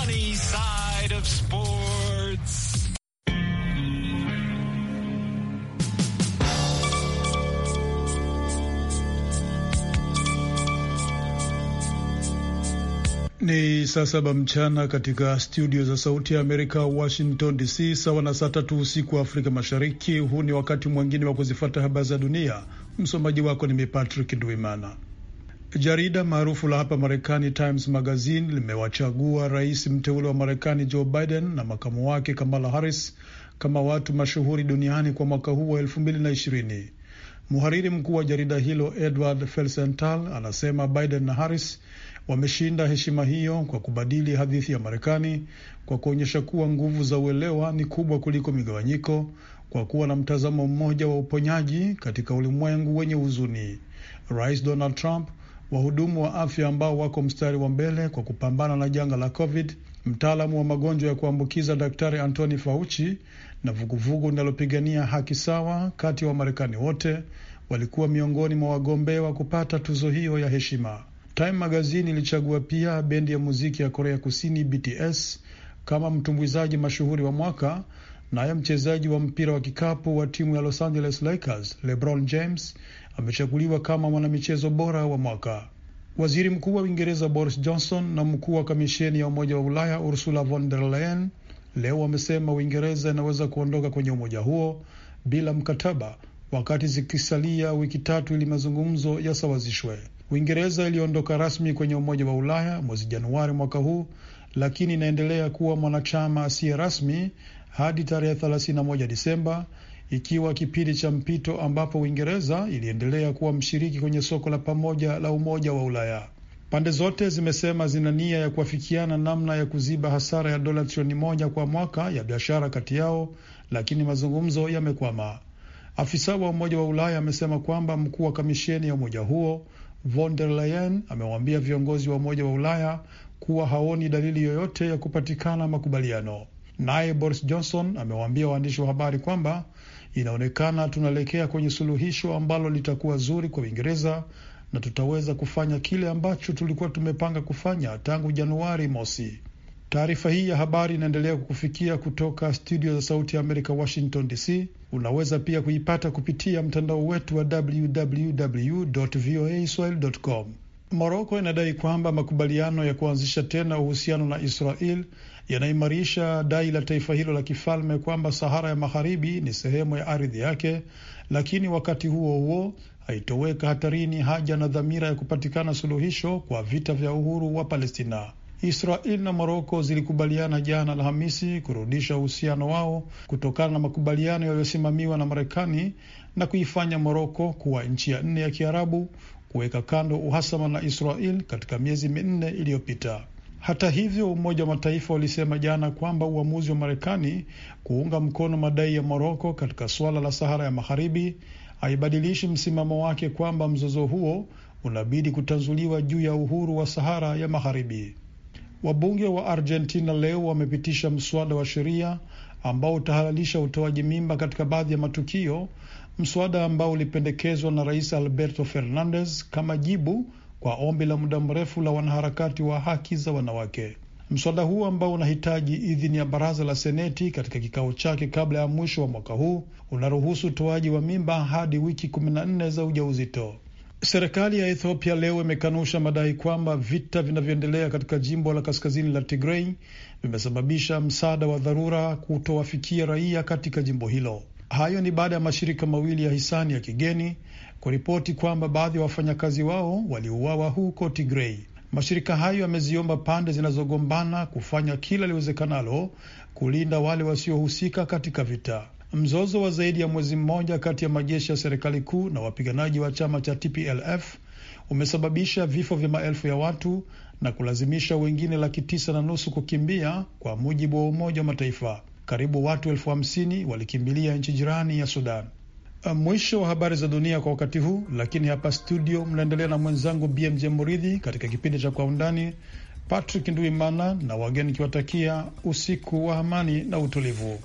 sunny side of sports. Ni saa saba mchana katika studio za Sauti ya Amerika, Washington DC, sawa na saa tatu usiku wa Afrika Mashariki. Huu ni wakati mwingine wa kuzifata habari za dunia. Msomaji wako ni mipatrick Patrick Duimana. Jarida maarufu la hapa Marekani, Times Magazine, limewachagua rais mteule wa Marekani Joe Biden na makamu wake Kamala Harris kama watu mashuhuri duniani kwa mwaka huu wa elfu mbili na ishirini. Mhariri mkuu wa jarida hilo Edward Felsenthal anasema Biden na Harris wameshinda heshima hiyo kwa kubadili hadithi ya Marekani, kwa kuonyesha kuwa nguvu za uelewa ni kubwa kuliko migawanyiko, kwa kuwa na mtazamo mmoja wa uponyaji katika ulimwengu wenye huzuni. Rais Donald Trump wahudumu wa afya ambao wako mstari wa mbele kwa kupambana na janga la COVID, mtaalamu wa magonjwa ya kuambukiza Daktari Anthony Fauci na vuguvugu linalopigania haki sawa kati ya wa Wamarekani wote walikuwa miongoni mwa wagombea wa kupata tuzo hiyo ya heshima. Time Magazine ilichagua pia bendi ya muziki ya Korea Kusini BTS kama mtumbuizaji mashuhuri wa mwaka, naye mchezaji wa mpira wa kikapu wa timu ya Los Angeles Lakers LeBron James amechaguliwa kama mwanamichezo bora wa mwaka. Waziri Mkuu wa Uingereza Boris Johnson na mkuu wa kamisheni ya Umoja wa Ulaya Ursula von der Leyen leo wamesema Uingereza inaweza kuondoka kwenye umoja huo bila mkataba, wakati zikisalia wiki tatu ili mazungumzo yasawazishwe. Uingereza iliondoka rasmi kwenye Umoja wa Ulaya mwezi Januari mwaka huu, lakini inaendelea kuwa mwanachama asiye rasmi hadi tarehe 31 Disemba ikiwa kipindi cha mpito ambapo Uingereza iliendelea kuwa mshiriki kwenye soko la pamoja la Umoja wa Ulaya. Pande zote zimesema zina nia ya kuafikiana namna ya kuziba hasara ya dola trilioni moja kwa mwaka ya biashara kati yao, lakini mazungumzo yamekwama. Afisa wa Umoja wa Ulaya amesema kwamba mkuu wa kamisheni ya umoja huo von der Leyen amewaambia viongozi wa Umoja wa Ulaya kuwa haoni dalili yoyote ya kupatikana makubaliano. Naye Boris Johnson amewaambia waandishi wa habari kwamba Inaonekana tunaelekea kwenye suluhisho ambalo litakuwa zuri kwa Uingereza na tutaweza kufanya kile ambacho tulikuwa tumepanga kufanya tangu Januari mosi. Taarifa hii ya habari inaendelea kukufikia kutoka studio za Sauti ya Amerika, Washington DC. Unaweza pia kuipata kupitia mtandao wetu wa www voa swahili com. Moroko inadai kwamba makubaliano ya kuanzisha tena uhusiano na Israel yanaimarisha dai la taifa hilo la kifalme kwamba Sahara ya Magharibi ni sehemu ya ardhi yake, lakini wakati huo huo haitoweka hatarini haja na dhamira ya kupatikana suluhisho kwa vita vya uhuru wa Palestina. Israel na Moroko zilikubaliana jana Alhamisi kurudisha uhusiano wao kutokana na makubaliano yaliyosimamiwa na Marekani na kuifanya Moroko kuwa nchi ya nne ya Kiarabu kuweka kando uhasama na Israel katika miezi minne iliyopita. Hata hivyo, Umoja wa Mataifa walisema jana kwamba uamuzi wa Marekani kuunga mkono madai ya Moroko katika suala la Sahara ya Magharibi haibadilishi msimamo wake kwamba mzozo huo unabidi kutanzuliwa juu ya uhuru wa Sahara ya Magharibi. Wabunge wa Argentina leo wamepitisha mswada wa sheria ambao utahalalisha utoaji mimba katika baadhi ya matukio, mswada ambao ulipendekezwa na Rais Alberto Fernandez kama jibu kwa ombi la muda mrefu la wanaharakati wa haki za wanawake. Mswada huu ambao unahitaji idhini ya baraza la Seneti katika kikao chake kabla ya mwisho wa mwaka huu unaruhusu utoaji wa mimba hadi wiki kumi na nne za ujauzito. Serikali ya Ethiopia leo imekanusha madai kwamba vita vinavyoendelea katika jimbo la kaskazini la Tigrei vimesababisha msaada wa dharura kutowafikia raia katika jimbo hilo. Hayo ni baada ya mashirika mawili ya hisani ya kigeni kuripoti kwamba baadhi ya wafanyakazi wao waliuawa huko Tigrei. Mashirika hayo yameziomba pande zinazogombana kufanya kila liwezekanalo kulinda wale wasiohusika katika vita. Mzozo wa zaidi ya mwezi mmoja kati ya majeshi ya serikali kuu na wapiganaji wa chama cha TPLF umesababisha vifo vya maelfu ya watu na kulazimisha wengine laki tisa na nusu kukimbia kwa mujibu wa Umoja wa Mataifa. Karibu watu elfu hamsini walikimbilia nchi jirani ya Sudan. Uh, mwisho wa habari za dunia kwa wakati huu, lakini hapa studio mnaendelea na mwenzangu BMJ Muridhi katika kipindi cha Kwa Undani. Patrick Nduimana na wageni kiwatakia usiku wa amani na utulivu.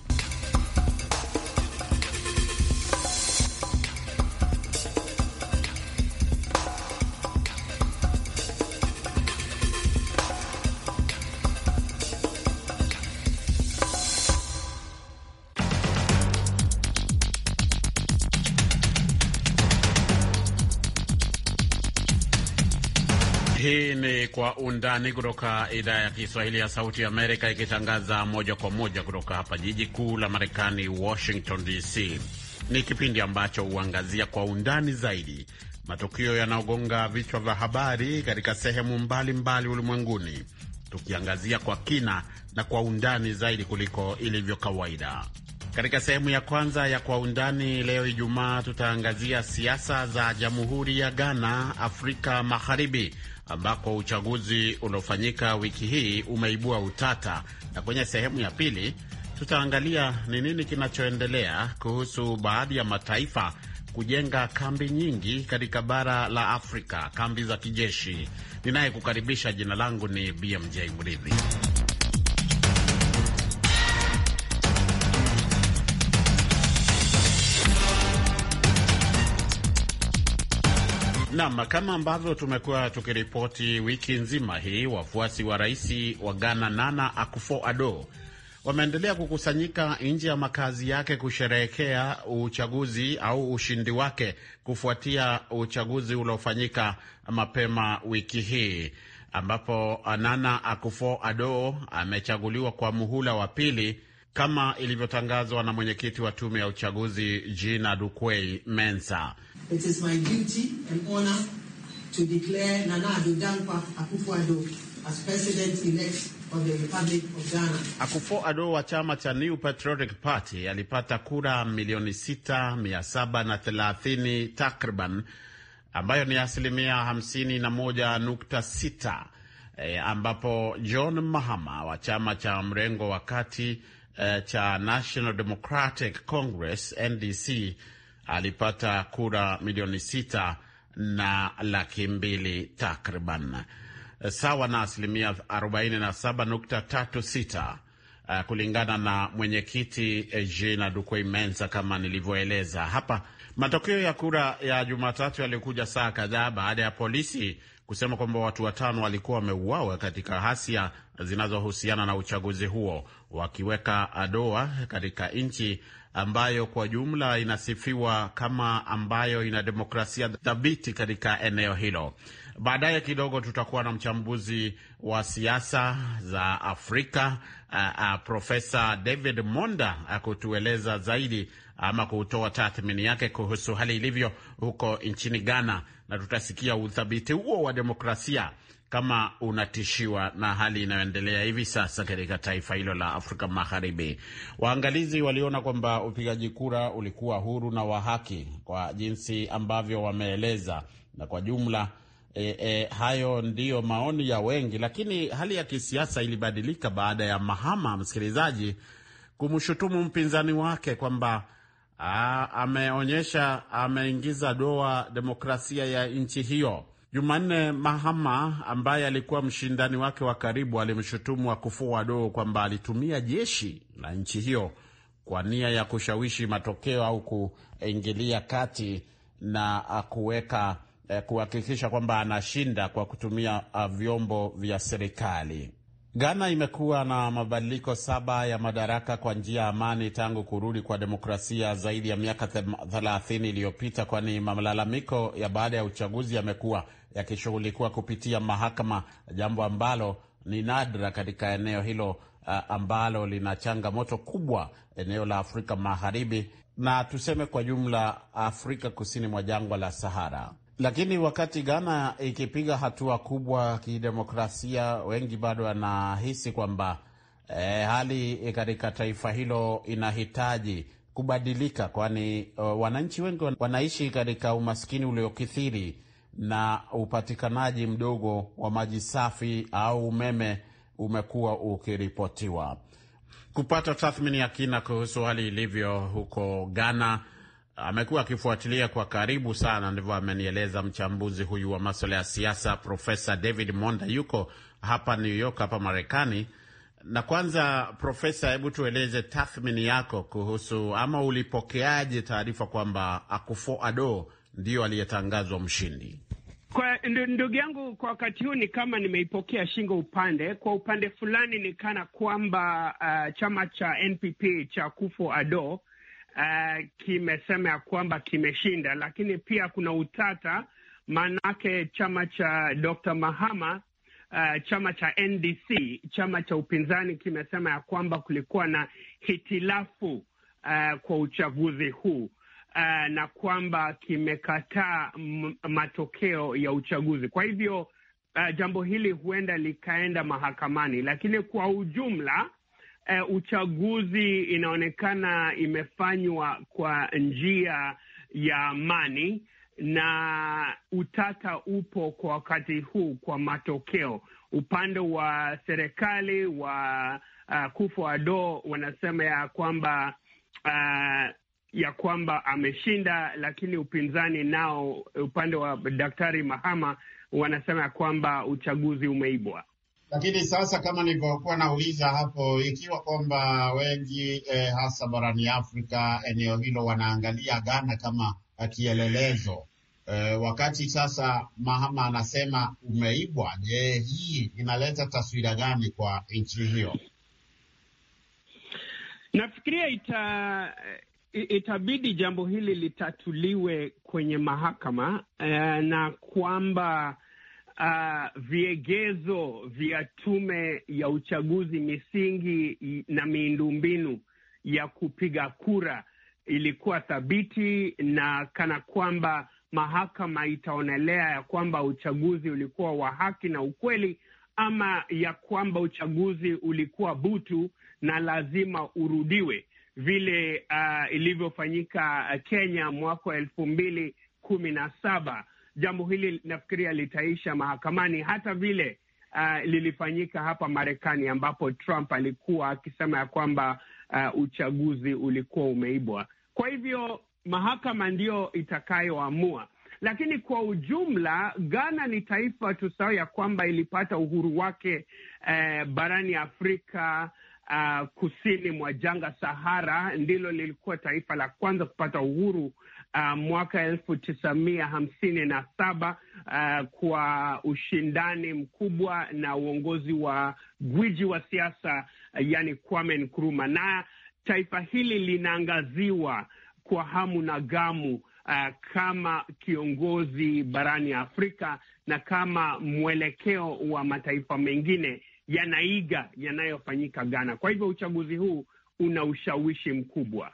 Undani kutoka idhaa ya Kiswahili ya Sauti Amerika, ikitangaza moja kwa moja kutoka hapa jiji kuu la Marekani, Washington DC. Ni kipindi ambacho huangazia kwa undani zaidi matukio yanayogonga vichwa vya habari katika sehemu mbalimbali ulimwenguni, tukiangazia kwa kina na kwa undani zaidi kuliko ilivyo kawaida. Katika sehemu ya kwanza ya Kwa Undani leo Ijumaa, tutaangazia siasa za Jamhuri ya Ghana, Afrika Magharibi, ambako uchaguzi uliofanyika wiki hii umeibua utata, na kwenye sehemu ya pili tutaangalia ni nini kinachoendelea kuhusu baadhi ya mataifa kujenga kambi nyingi katika bara la Afrika, kambi za kijeshi. Ninayekukaribisha, jina langu ni BMJ Mridhi. Naam, kama ambavyo tumekuwa tukiripoti wiki nzima hii, wafuasi wa rais wa Ghana Nana Akufo-Addo wameendelea kukusanyika nje ya makazi yake kusherehekea uchaguzi au ushindi wake kufuatia uchaguzi uliofanyika mapema wiki hii ambapo Nana Akufo-Addo amechaguliwa kwa muhula wa pili kama ilivyotangazwa na mwenyekiti wa tume ya uchaguzi Jean Adukwei Mensa. It is my duty and honor to declare Nana Addo Dankwa Akufo-Addo as president-elect of the Republic of Ghana. Akufo-Addo wa chama cha New Patriotic Party alipata kura milioni sita na 6,730 takriban ambayo ni asilimia 51.6, e, eh, ambapo John Mahama wa chama cha mrengo wa kati e, cha National Democratic Congress NDC alipata kura milioni sita na laki mbili takriban, sawa na asilimia 47.36 eh, kulingana na mwenyekiti eh, Jean Adukwe Mensa. Kama nilivyoeleza hapa, matokeo ya kura ya Jumatatu yalikuja saa kadhaa baada ya polisi kusema kwamba watu watano walikuwa wameuawa katika ghasia zinazohusiana na uchaguzi huo, wakiweka Adoa katika nchi ambayo kwa jumla inasifiwa kama ambayo ina demokrasia thabiti katika eneo hilo. Baadaye kidogo tutakuwa na mchambuzi wa siasa za Afrika Profesa David Monda akutueleza zaidi ama kutoa tathmini yake kuhusu hali ilivyo huko nchini Ghana na tutasikia uthabiti huo wa demokrasia kama unatishiwa na hali inayoendelea hivi sasa katika taifa hilo la Afrika Magharibi. Waangalizi waliona kwamba upigaji kura ulikuwa huru na wa haki kwa jinsi ambavyo wameeleza, na kwa jumla e, e, hayo ndiyo maoni ya wengi, lakini hali ya kisiasa ilibadilika baada ya Mahama, msikilizaji, kumshutumu mpinzani wake kwamba ameonyesha ameingiza doa demokrasia ya nchi hiyo. Jumanne Mahama ambaye alikuwa mshindani wake wa karibu alimshutumu kufua Addo kwamba alitumia jeshi la nchi hiyo kwa nia ya kushawishi matokeo au kuingilia kati na kuweka eh, kuhakikisha kwamba anashinda kwa kutumia vyombo vya serikali. Ghana imekuwa na mabadiliko saba ya madaraka kwa njia ya amani tangu kurudi kwa demokrasia zaidi ya miaka 30 iliyopita, kwani malalamiko ya baada ya uchaguzi yamekuwa yakishughulikiwa kupitia mahakama, jambo ambalo ni nadra katika eneo hilo ambalo lina changamoto kubwa, eneo la Afrika Magharibi na tuseme kwa jumla Afrika kusini mwa jangwa la Sahara. Lakini wakati Ghana ikipiga hatua kubwa kidemokrasia, wengi bado wanahisi kwamba e, hali eh, katika taifa hilo inahitaji kubadilika, kwani uh, wananchi wengi wanaishi katika umaskini uliokithiri na upatikanaji mdogo wa maji safi au umeme umekuwa ukiripotiwa. Kupata tathmini ya kina kuhusu hali ilivyo huko Ghana amekuwa akifuatilia kwa karibu sana, ndivyo amenieleza mchambuzi huyu wa maswala ya siasa Profesa David Monda, yuko hapa New York hapa Marekani. Na kwanza, Profesa, hebu tueleze tathmini yako kuhusu ama ulipokeaje taarifa kwamba akufo ado ndiyo aliyetangazwa mshindi? Kwa ndugu yangu, kwa wakati huu ni kama nimeipokea shingo upande. Kwa upande fulani ni kana kwamba uh, chama cha NPP cha akufo ado uh, kimesema ya kwamba kimeshinda, lakini pia kuna utata, maanake chama cha Dr. Mahama uh, chama cha NDC, chama cha upinzani kimesema ya kwamba kulikuwa na hitilafu uh, kwa uchaguzi huu uh, na kwamba kimekataa matokeo ya uchaguzi. Kwa hivyo uh, jambo hili huenda likaenda mahakamani, lakini kwa ujumla eh, uchaguzi inaonekana imefanywa kwa njia ya amani na utata upo kwa wakati huu kwa matokeo. Upande wa serikali wa uh, eh, kufuor Ado wanasema ya kwamba uh, ya kwamba ameshinda, lakini upinzani nao upande wa Daktari Mahama wanasema ya kwamba uchaguzi umeibwa. Lakini sasa kama nilivyokuwa nauliza hapo, ikiwa kwamba wengi eh, hasa barani Afrika eneo hilo wanaangalia Ghana kama eh, kielelezo eh, wakati sasa Mahama anasema umeibwa, je, hii inaleta taswira gani kwa nchi hiyo? Nafikiria ita eh, itabidi jambo hili litatuliwe kwenye mahakama eh, na kwamba uh, viegezo vya tume ya uchaguzi, misingi na miundombinu ya kupiga kura ilikuwa thabiti na kana kwamba mahakama itaonelea ya kwamba uchaguzi ulikuwa wa haki na ukweli, ama ya kwamba uchaguzi ulikuwa butu na lazima urudiwe, vile uh, ilivyofanyika Kenya mwaka wa elfu mbili kumi na saba jambo hili nafikiria litaisha mahakamani, hata vile uh, lilifanyika hapa Marekani ambapo Trump alikuwa akisema ya kwamba uh, uchaguzi ulikuwa umeibwa. Kwa hivyo mahakama ndiyo itakayoamua, lakini kwa ujumla, Ghana ni taifa tusao ya kwamba ilipata uhuru wake uh, barani Afrika Uh, kusini mwa janga Sahara ndilo lilikuwa taifa la kwanza kupata uhuru uh, mwaka elfu tisa mia hamsini na saba uh, kwa ushindani mkubwa na uongozi wa gwiji wa siasa uh, yani Kwame Nkrumah, na taifa hili linaangaziwa kwa hamu na gamu Uh, kama kiongozi barani Afrika na kama mwelekeo wa mataifa mengine yanaiga yanayofanyika Ghana. Kwa hivyo uchaguzi huu una ushawishi mkubwa.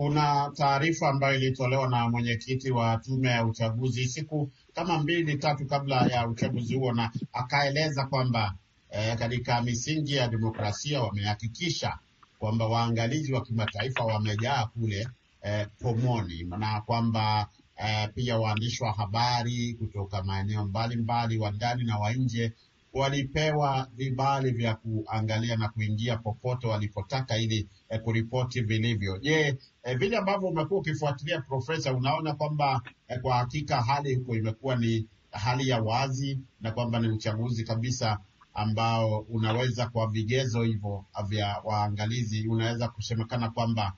Kuna taarifa ambayo ilitolewa na mwenyekiti wa tume ya uchaguzi siku kama mbili tatu kabla ya uchaguzi huo, na akaeleza kwamba eh, katika misingi ya demokrasia wamehakikisha kwamba waangalizi wa kimataifa wamejaa kule eh, pomoni na kwamba eh, pia waandishi wa habari kutoka maeneo mbalimbali wa ndani na wa nje walipewa vibali vya kuangalia na kuingia popote walipotaka ili eh, kuripoti vilivyo. Je, eh, vile ambavyo umekuwa ukifuatilia Profesa, unaona kwamba eh, kwa hakika hali huko imekuwa ni hali ya wazi na kwamba ni uchaguzi kabisa ambao unaweza kwa vigezo hivyo vya waangalizi unaweza kusemekana kwamba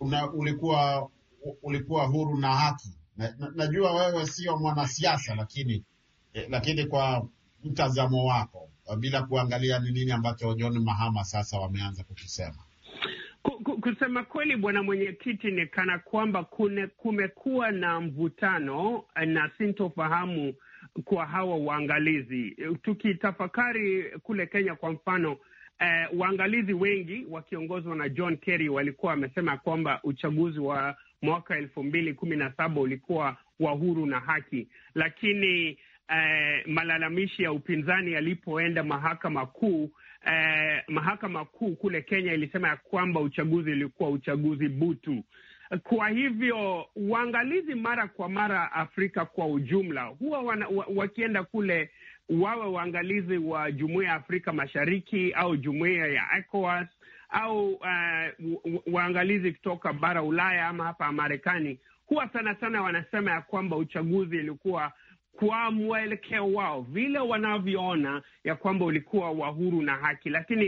una, ulikuwa ulikuwa huru na haki na, na, najua wewe sio mwanasiasa lakini eh, lakini kwa mtazamo wako uh, bila kuangalia ni nini ambacho John Mahama sasa wameanza kukisema? Kusema kweli, bwana mwenyekiti, ni kana kwamba kumekuwa na mvutano eh, na sintofahamu kwa hawa waangalizi. Tukitafakari kule Kenya kwa mfano, eh, waangalizi wengi wakiongozwa na John Kerry walikuwa wamesema kwamba uchaguzi wa mwaka elfu mbili kumi na saba ulikuwa wa huru na haki, lakini eh, malalamishi ya upinzani yalipoenda mahakama kuu eh, mahakama kuu kule Kenya ilisema ya kwamba uchaguzi ulikuwa uchaguzi butu. Kwa hivyo uangalizi mara kwa mara Afrika kwa ujumla huwa wana, wakienda kule wawe waangalizi wa Jumuiya ya Afrika Mashariki au Jumuiya ya ECOWAS au uh, waangalizi kutoka bara Ulaya ama hapa Marekani, huwa sana sana wanasema ya kwamba uchaguzi ilikuwa kwa mwelekeo wao, vile wanavyoona ya kwamba ulikuwa wa huru na haki, lakini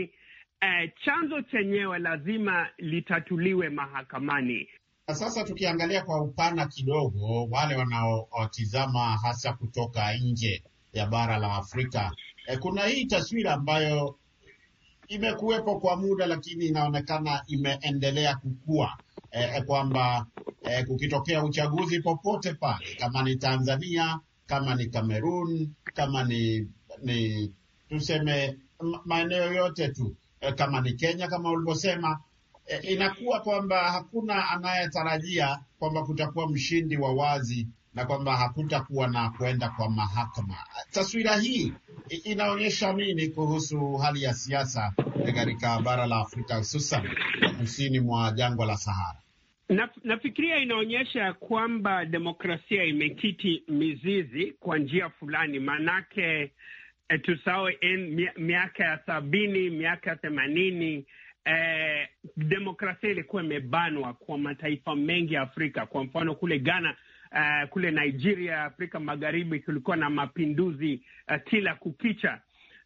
eh, chanzo chenyewe lazima litatuliwe mahakamani. Sasa tukiangalia kwa upana kidogo, wale wanaotizama hasa kutoka nje ya bara la Afrika, eh, kuna hii taswira ambayo imekuwepo kwa muda lakini inaonekana imeendelea kukua eh, eh kwamba eh, kukitokea uchaguzi popote pale, kama ni Tanzania kama ni Cameroon, kama ni, ni tuseme maeneo yote tu e, kama ni Kenya kama ulivyosema e, inakuwa kwamba hakuna anayetarajia kwamba kutakuwa mshindi wa wazi na kwamba hakutakuwa na kwenda kwa mahakama. Taswira hii inaonyesha nini kuhusu hali ya siasa katika bara la Afrika, hususan kusini mwa jangwa la Sahara? Na, nafikiria inaonyesha kwamba demokrasia imekiti mizizi kwa njia fulani, maanake eh, tusawe en, miaka ya sabini miaka ya themanini eh, demokrasia ilikuwa imebanwa kwa mataifa mengi ya Afrika. Kwa mfano kule Ghana Uh, kule Nigeria, Afrika Magharibi kulikuwa na mapinduzi uh, kila kukicha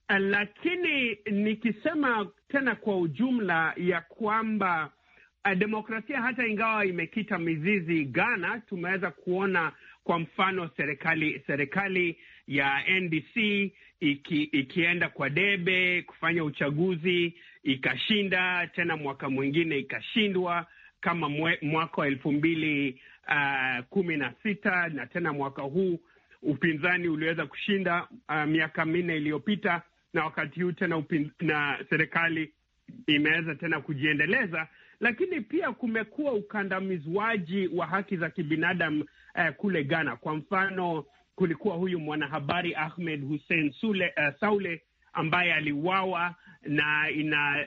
uh, lakini nikisema tena kwa ujumla ya kwamba uh, demokrasia hata ingawa imekita mizizi Ghana, tumeweza kuona kwa mfano serikali serikali ya NDC iki, ikienda kwa debe kufanya uchaguzi ikashinda, tena mwaka mwingine ikashindwa kama mwe, mwaka wa elfu mbili uh, kumi na sita na tena mwaka huu upinzani uliweza kushinda uh, miaka minne iliyopita, na wakati huu tena upin, na serikali imeweza tena kujiendeleza lakini pia kumekuwa ukandamizwaji wa haki za kibinadamu eh, kule Ghana. Kwa mfano, kulikuwa huyu mwanahabari Ahmed Hussein Sule, uh, Saule ambaye aliuawa na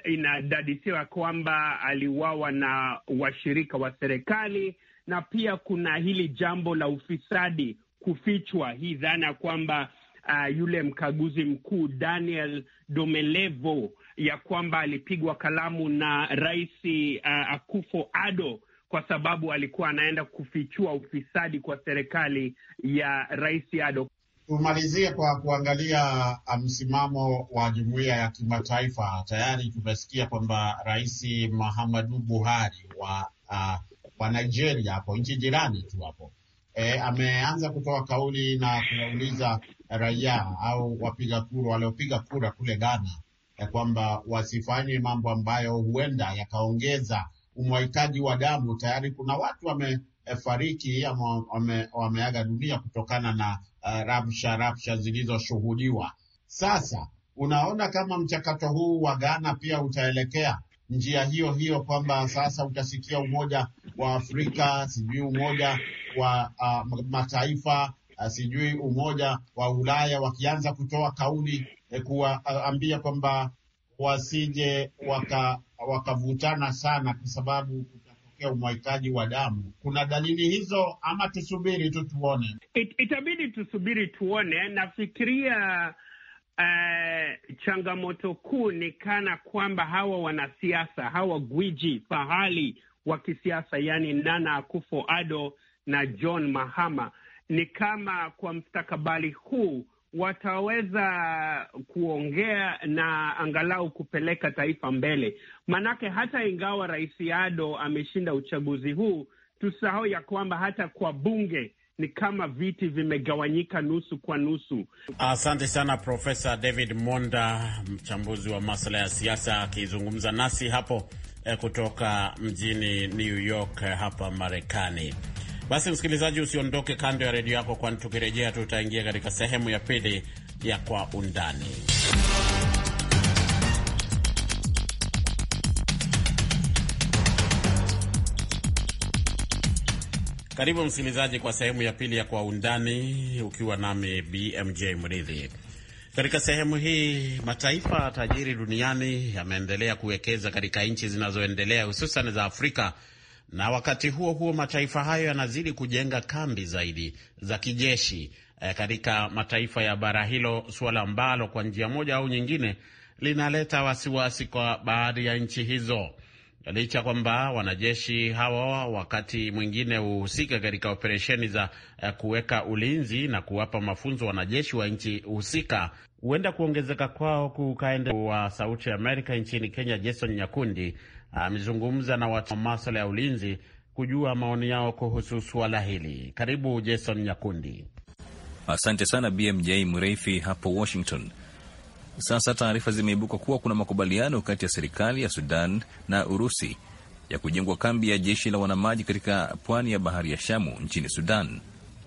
inadadisiwa ina kwamba aliuawa na washirika wa serikali, na pia kuna hili jambo la ufisadi kufichwa, hii dhana ya kwamba uh, yule mkaguzi mkuu Daniel Domelevo ya kwamba alipigwa kalamu na Rais uh, Akufo Ado kwa sababu alikuwa anaenda kufichua ufisadi kwa serikali ya Rais Ado. Tumalizie kwa kuangalia uh, msimamo wa jumuiya ya kimataifa. Tayari tumesikia kwamba Rais Muhammadu Buhari wa uh, wa Nigeria hapo nchi jirani tu hapo e, ameanza kutoa kauli na kuwauliza raia au wapiga kura waliopiga kura kule Ghana ya kwamba wasifanye mambo ambayo huenda yakaongeza umwahitaji wa damu. Tayari kuna watu wamefariki ama wameaga dunia kutokana na uh, rabsha rabsha zilizoshuhudiwa. Sasa unaona kama mchakato huu wa Ghana pia utaelekea njia hiyo hiyo, kwamba sasa utasikia Umoja wa Afrika, sijui Umoja wa uh, Mataifa Ah, sijui umoja wa Ulaya wakianza kutoa kauli e, kuwaambia kwamba wasije wakavutana waka sana, kwa sababu kutatokea umwagikaji wa damu. Kuna dalili hizo ama tusubiri tu tuone? It, itabidi tusubiri tuone. Nafikiria uh, changamoto kuu ni kana kwamba hawa wanasiasa hawa gwiji fahali wa kisiasa, yani Nana akufo ado na John Mahama ni kama kwa mstakabali huu wataweza kuongea na angalau kupeleka taifa mbele, manake hata ingawa Rais Yado ameshinda uchaguzi huu, tusahau ya kwamba hata kwa bunge ni kama viti vimegawanyika nusu kwa nusu. Asante sana Profesa David Monda, mchambuzi wa masuala ya siasa, akizungumza nasi hapo eh, kutoka mjini New York eh, hapa Marekani. Basi msikilizaji, usiondoke kando ya redio yako, kwani tukirejea tutaingia katika sehemu ya pili ya Kwa Undani. Karibu msikilizaji kwa sehemu ya pili ya Kwa Undani, ukiwa nami BMJ Mridhi. Katika sehemu hii, mataifa tajiri duniani yameendelea kuwekeza katika nchi zinazoendelea hususan za Afrika na wakati huo huo mataifa hayo yanazidi kujenga kambi zaidi za kijeshi eh, katika mataifa ya bara hilo, suala ambalo kwa njia moja au nyingine linaleta wasiwasi kwa baadhi ya nchi hizo, licha kwamba wanajeshi hawa wakati mwingine huhusika katika operesheni za eh, kuweka ulinzi na kuwapa mafunzo wanajeshi wa nchi husika. Huenda kuongezeka kwao kukaende wa Sauti ya Amerika nchini Kenya, Jason Nyakundi amezungumza na watu wa maswala ya ulinzi kujua maoni yao kuhusu suala hili. Karibu Jason Nyakundi. Asante sana BMJ Mreithi hapo Washington. Sasa taarifa zimeibuka kuwa kuna makubaliano kati ya serikali ya Sudan na Urusi ya kujengwa kambi ya jeshi la wanamaji katika pwani ya bahari ya Shamu nchini Sudan.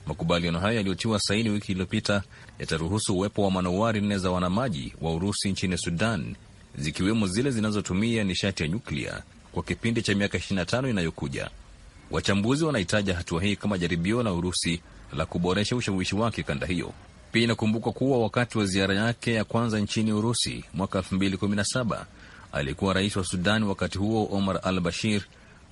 Makubaliano hayo yaliyotiwa saini wiki iliyopita yataruhusu uwepo wa manowari nne za wanamaji wa Urusi nchini Sudan zikiwemo zile zinazotumia nishati ya nyuklia kwa kipindi cha miaka 25 inayokuja. Wachambuzi wanahitaja hatua hii kama jaribio la Urusi la kuboresha ushawishi wake kanda hiyo. Pia inakumbukwa kuwa wakati wa ziara yake ya kwanza nchini Urusi mwaka 2017 alikuwa rais wa Sudani wakati huo Omar al Bashir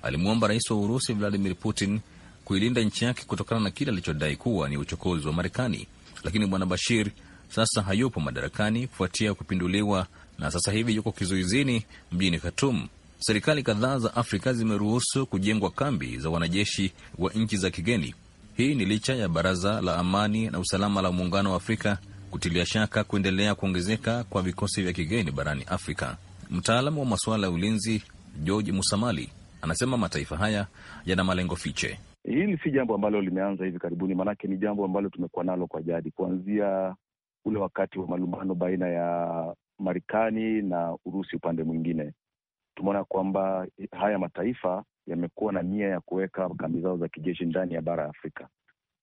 alimwomba rais wa Urusi Vladimir Putin kuilinda nchi yake kutokana na kile alichodai kuwa ni uchokozi wa Marekani. Lakini bwana Bashir sasa hayupo madarakani kufuatia kupinduliwa na sasa hivi yuko kizuizini mjini Khartoum. Serikali kadhaa za Afrika zimeruhusu kujengwa kambi za wanajeshi wa nchi za kigeni. Hii ni licha ya Baraza la Amani na Usalama la Muungano wa Afrika kutilia shaka kuendelea kuongezeka kwa vikosi vya kigeni barani Afrika. Mtaalamu wa masuala ya ulinzi George Musamali anasema mataifa haya yana malengo fiche. Hili si jambo ambalo limeanza hivi karibuni, maanake ni jambo ambalo tumekuwa nalo kwa jadi kuanzia ule wakati wa malumbano baina ya Marekani na Urusi upande mwingine. Tumeona kwamba haya mataifa yamekuwa na nia ya kuweka kambi zao za kijeshi ndani ya bara ya Afrika,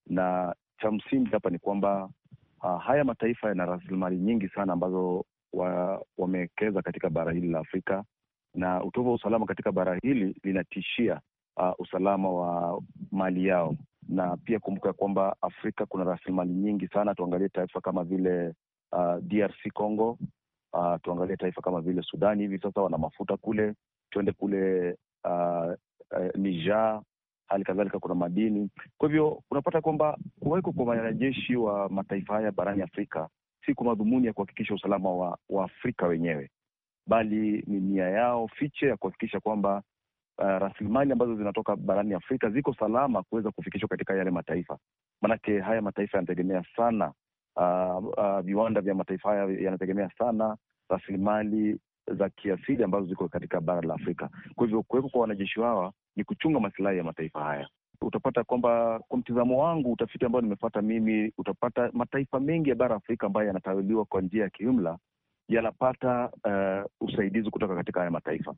na cha msingi hapa ni kwamba uh, haya mataifa yana rasilimali nyingi sana ambazo wa, wamewekeza katika bara hili la Afrika, na utovu wa usalama katika bara hili linatishia uh, usalama wa mali yao na pia kumbuka kwamba Afrika kuna rasilimali nyingi sana. Tuangalie taifa kama vile uh, DRC Congo, uh, tuangalie taifa kama vile Sudani, hivi sasa wana mafuta kule, tuende kule uh, uh, Niger, hali kadhalika kuna madini. Kwa hivyo unapata kwamba kuweko kwa wanajeshi wa mataifa haya barani Afrika si kwa madhumuni ya kuhakikisha usalama wa, wa Afrika wenyewe, bali ni nia yao fiche ya kuhakikisha kwamba uh, rasilimali ambazo zinatoka barani Afrika ziko salama kuweza kufikishwa katika yale mataifa, maanake haya mataifa yanategemea sana viwanda uh, uh, viwanda vya mataifa haya yanategemea sana rasilimali za kiasili ambazo ziko katika bara la Afrika. Kwa hivyo kuwepo kwa wanajeshi hawa ni kuchunga masilahi ya mataifa haya. Utapata kwamba kwa mtizamo wangu, utafiti ambao nimepata mimi, utapata mataifa mengi ya bara Afrika ambayo yanatawaliwa kwa njia ya kiumla yanapata uh, usaidizi kutoka katika haya mataifa.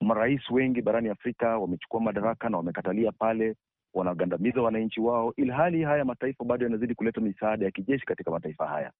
Marais wengi barani Afrika wamechukua madaraka na wamekatalia pale, wanagandamiza wananchi wao, ilhali haya mataifa bado yanazidi kuleta misaada ya kijeshi katika mataifa haya.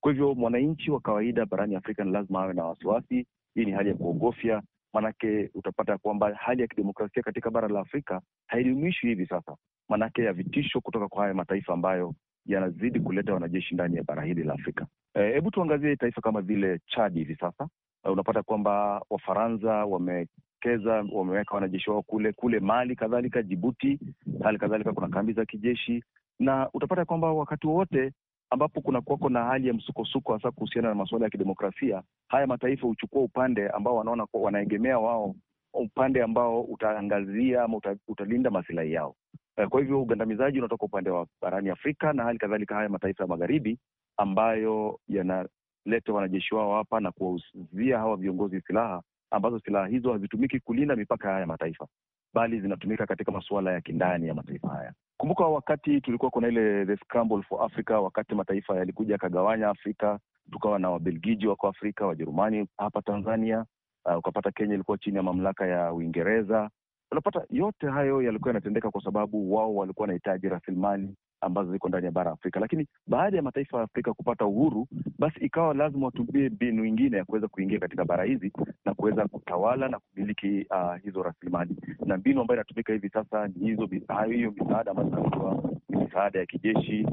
Kwa hivyo mwananchi wa kawaida barani Afrika ni lazima awe na wasiwasi. Hii ni hali ya kuogofya, manake utapata kwamba hali ya kidemokrasia katika bara la Afrika haidumishwi hivi sasa, maanake ya vitisho kutoka kwa haya mataifa ambayo yanazidi kuleta wanajeshi ndani ya bara hili la Afrika. Eh, hebu e, tuangazie taifa kama vile Chad hivi sasa Eh, unapata kwamba Wafaransa wamekeza, wameweka wanajeshi wao kule kule Mali, kadhalika Jibuti, hali kadhalika kuna kambi za kijeshi, na utapata kwamba wakati wowote ambapo kuna kuwako na hali ya msukosuko, hasa kuhusiana na masuala ya kidemokrasia, haya mataifa huchukua upande ambao wanaona wanaegemea wao, upande ambao utaangazia ama utalinda masilahi yao. Eh, kwa hivyo ugandamizaji unatoka upande wa barani Afrika na hali kadhalika haya mataifa ya magharibi ambayo yana kuleta wanajeshi wao hapa na kuwauzia hawa viongozi silaha ambazo silaha hizo hazitumiki kulinda mipaka haya mataifa, bali zinatumika katika masuala ya kindani ya mataifa haya. Kumbuka wakati tulikuwa kuna ile the scramble for Africa, wakati mataifa yalikuja yakagawanya Afrika, tukawa na Wabelgiji wako Afrika, Wajerumani hapa Tanzania, uh, ukapata Kenya ilikuwa chini ya mamlaka ya Uingereza. Unapata yote hayo yalikuwa yanatendeka kwa sababu wao walikuwa wanahitaji rasilimali ambazo ziko ndani ya bara ya Afrika. Lakini baada ya mataifa ya Afrika kupata uhuru, basi ikawa lazima watumie mbinu ingine ya kuweza kuingia katika bara hizi na kuweza kutawala na kumiliki uh, hizo rasilimali, na mbinu ambayo inatumika hivi sasa ni hizo ah, hiyo misaada ambayo tunaitwa misaada ya kijeshi,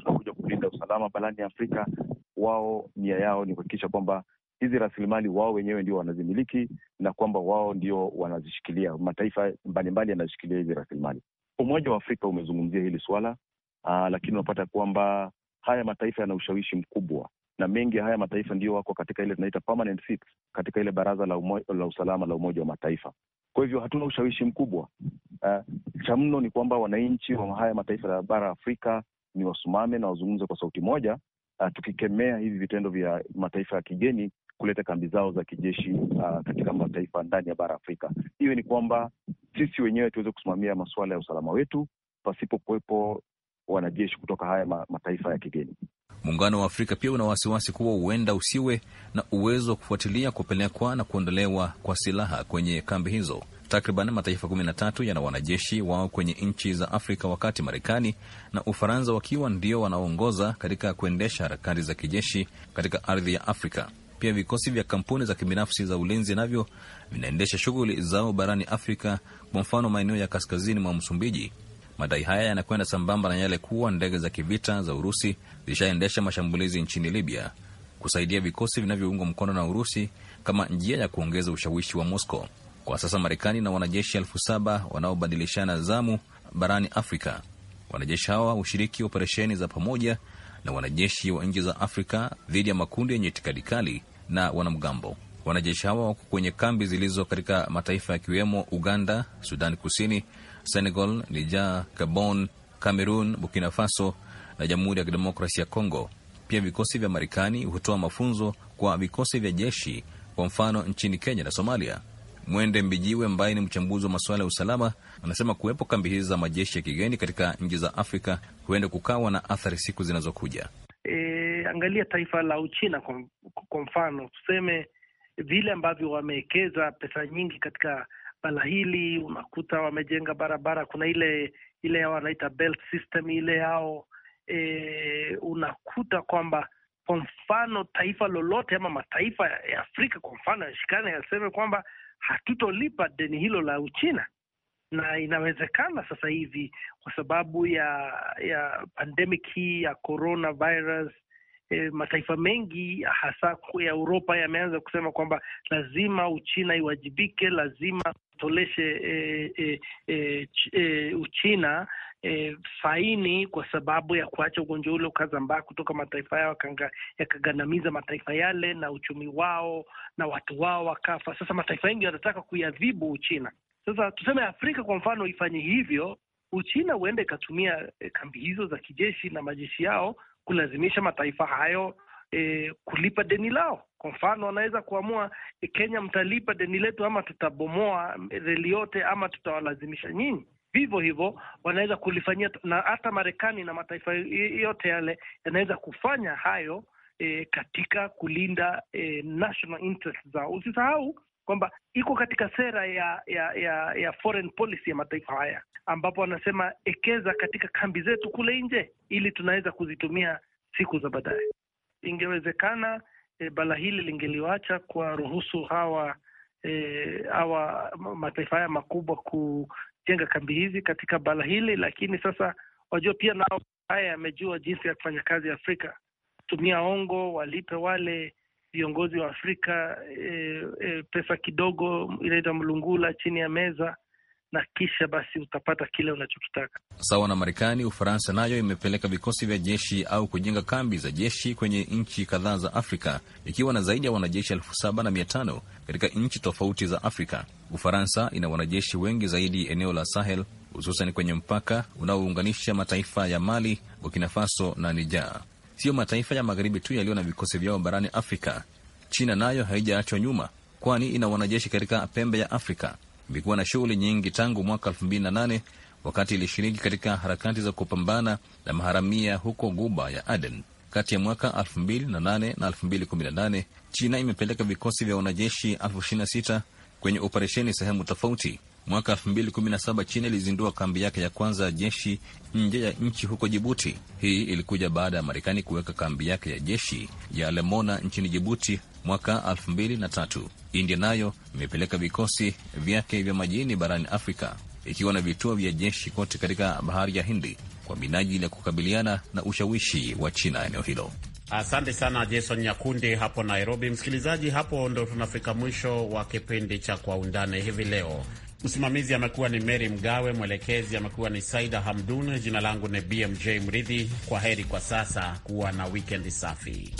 tunakuja kulinda usalama barani Afrika. Wao nia yao ni kuhakikisha kwamba hizi rasilimali wao wenyewe ndio wanazimiliki na kwamba wao ndio wanazishikilia. Mataifa mbalimbali yanazishikilia hizi rasilimali. Umoja wa Afrika umezungumzia hili suala aa, ah, lakini unapata kwamba haya mataifa yana ushawishi mkubwa na mengi ya haya mataifa ndiyo wako katika ile tunaita permanent seats katika ile baraza la, umo, la usalama la Umoja wa Mataifa. Kwa hivyo hatuna ushawishi mkubwa. Uh, cha mno ni kwamba wananchi wa haya mataifa ya bara Afrika ni wasimame na wazungumze kwa sauti moja, uh, tukikemea hivi vitendo vya mataifa ya kigeni kuleta kambi zao za kijeshi uh, katika mataifa ndani ya bara Afrika. Hiyo ni kwamba sisi wenyewe tuweze kusimamia masuala ya usalama wetu pasipo kuwepo wanajeshi kutoka haya mataifa ya kigeni. Muungano wa Afrika pia una wasiwasi kuwa huenda usiwe na uwezo wa kufuatilia kupelekwa na kuondolewa kwa silaha kwenye kambi hizo. Takriban mataifa kumi na tatu yana wanajeshi wao kwenye nchi za Afrika, wakati Marekani na Ufaransa wakiwa ndio wanaongoza katika kuendesha harakati za kijeshi katika ardhi ya Afrika. Pia vikosi vya kampuni za kibinafsi za ulinzi navyo vinaendesha shughuli zao barani Afrika, kwa mfano maeneo ya kaskazini mwa Msumbiji Madai haya yanakwenda sambamba na yale kuwa ndege za kivita za Urusi zishaendesha mashambulizi nchini Libya kusaidia vikosi vinavyoungwa mkono na Urusi kama njia ya kuongeza ushawishi wa Moscow. Kwa sasa Marekani na wanajeshi elfu saba wanaobadilishana zamu barani Afrika. Wanajeshi hawa hushiriki operesheni za pamoja na wanajeshi wa nchi za Afrika dhidi ya makundi yenye itikadi kali na wanamgambo. Wanajeshi hawa wako kwenye kambi zilizo katika mataifa yakiwemo Uganda, Sudani Kusini, Senegal, Niger, Gabon, Cameroon, Burkina Faso na Jamhuri ya Kidemokrasi ya Kongo. Pia vikosi vya Marekani hutoa mafunzo kwa vikosi vya jeshi, kwa mfano nchini Kenya na Somalia. Mwende Mbijiwe ambaye ni mchambuzi wa masuala ya usalama anasema kuwepo kambi hizi za majeshi ya kigeni katika nchi za Afrika huenda kukawa na athari siku zinazokuja. E, angalia taifa la Uchina kwa mfano tuseme vile ambavyo wamewekeza pesa nyingi katika bara hili, unakuta wamejenga barabara, kuna ile ile yao wanaita belt system ile yao e, unakuta kwamba kwa mfano taifa lolote ama mataifa ya Afrika kwa mfano yashikane yaseme kwamba hatutolipa deni hilo la Uchina, na inawezekana sasa hivi kwa sababu ya ya pandemic hii ya coronavirus e, mataifa mengi hasa ya Uropa yameanza kusema kwamba lazima Uchina iwajibike, lazima toleshe e, eh, e, eh, e, e, Uchina e, faini kwa sababu ya kuacha ugonjwa ule ukazambaa kutoka mataifa yao yakagandamiza mataifa yale na uchumi wao na watu wao wakafa. Sasa mataifa mengi wanataka kuiadhibu Uchina. Sasa tuseme Afrika kwa mfano ifanye hivyo, Uchina huenda ikatumia kambi hizo za kijeshi na majeshi yao kulazimisha mataifa hayo e, kulipa deni lao. Kwa mfano, wanaweza kuamua e, Kenya mtalipa deni letu, ama tutabomoa reli yote, ama tutawalazimisha nyinyi. Vivyo hivyo wanaweza kulifanyia, na hata Marekani na mataifa yote yale yanaweza kufanya hayo e, katika kulinda e, national interest zao. Usisahau kwamba iko katika sera ya ya ya ya foreign policy ya mataifa haya, ambapo wanasema ekeza katika kambi zetu kule nje, ili tunaweza kuzitumia siku za baadaye. Ingewezekana e, bala hili lingeliwacha kwa ruhusu hawa e, hawa mataifa haya makubwa kujenga kambi hizi katika bala hili, lakini sasa wajua pia nao haya yamejua jinsi ya kufanya kazi Afrika, tumia ongo, walipe wale viongozi wa Afrika e, e, pesa kidogo inaitwa mlungula chini ya meza na kisha basi utapata kile unachokitaka. Sawa na Marekani, Ufaransa nayo imepeleka vikosi vya jeshi au kujenga kambi za jeshi kwenye nchi kadhaa za Afrika, ikiwa na zaidi ya wanajeshi elfu saba na mia tano katika nchi tofauti za Afrika. Ufaransa ina wanajeshi wengi zaidi eneo la Sahel, hususan kwenye mpaka unaounganisha mataifa ya Mali, Burkina Faso na Nijaa. Sio mataifa ya magharibi tu yaliyo na vikosi vyao barani Afrika. China nayo haijaachwa nyuma, kwani ina wanajeshi katika pembe ya Afrika, imekuwa na shughuli nyingi tangu mwaka elfu wakati ilishiriki katika harakati za kupambana na maharamia huko guba ya Aden. Kati ya mwaka 2008 na 2018 China imepeleka vikosi vya wanajeshi 26 kwenye operesheni sehemu tofauti Mwaka 2017 China ilizindua kambi yake ya kwanza ya jeshi nje ya nchi huko Jibuti. Hii ilikuja baada ya Marekani kuweka kambi yake ya jeshi ya Lemona nchini Jibuti mwaka 2003. India nayo imepeleka vikosi vyake vya majini barani Afrika, ikiwa na vituo vya jeshi kote katika bahari ya Hindi kwa minajili ya kukabiliana na ushawishi wa China eneo hilo. Asante sana Jason Nyakundi hapo Nairobi. Msikilizaji, hapo ndo tunafika mwisho wa kipindi cha Kwa Undani hivi leo. Msimamizi amekuwa ni Mary Mgawe, mwelekezi amekuwa ni Saida Hamdun. Jina langu ni BMJ Mridhi. Kwa heri kwa sasa, kuwa na wikendi safi.